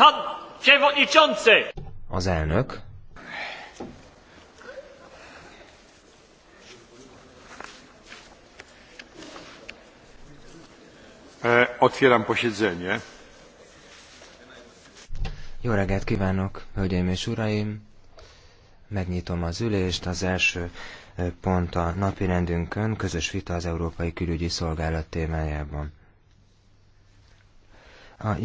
Pan przewodniczący! Az elnök. E, otwieram posiedzenie. Jó reggelt kívánok, hölgyeim és uraim! Megnyitom az ülést, az első e, pont a napi rendünkön, közös vita az Európai Külügyi Szolgálat témájában. A